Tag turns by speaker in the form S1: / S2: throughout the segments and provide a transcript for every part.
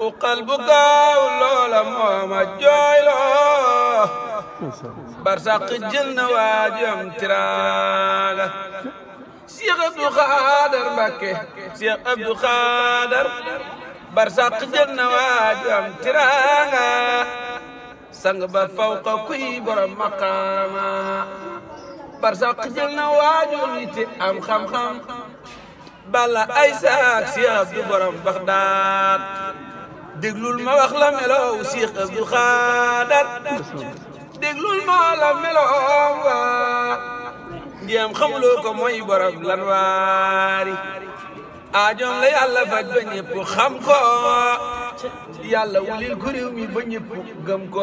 S1: uqal bu gaaw loola mooma tiraanga Cheikh Abdou Khadar Mbacké Cheikh Abdou Khadar barsàq jël na waajam tiraanga sang ba fawqa kuy borom maqaama barsàq jël na waajur ite am xam-xam bala ay saak Cheikh Abdou borom Baxdaad déglul ma wax la melow Cheikh Abdou Khadar déglul ma la melow waa ndiyam xamuloo ko mooy borom lan waari aajoom la yàlla faj ba ñëpp xam ko yàlla wulil ko réew ba ñëpp gëm ko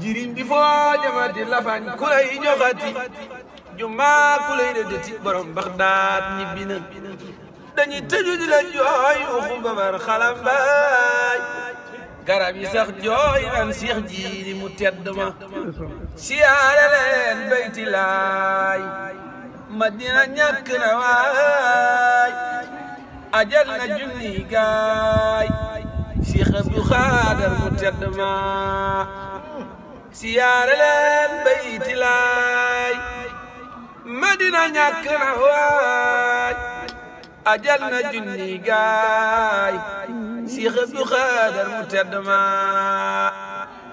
S1: jiriñ di foo jamati lafañ ku lay joxati jumaa ku lay rëddati borom baxdaat ñibbi na dañuy tëju la jooy waxu ba far xalambaay garab yi sax jooy an Cheikh Jiili mu tedd ma siyaare leen bayti laay Madina ñàkk na waay ajal na junni gaay Cheikh Abdou Khadar mu tedd ma siyaare leen bayti laay Madina ñàkk na waay أجل نجني جاي سيخ بخادر متدما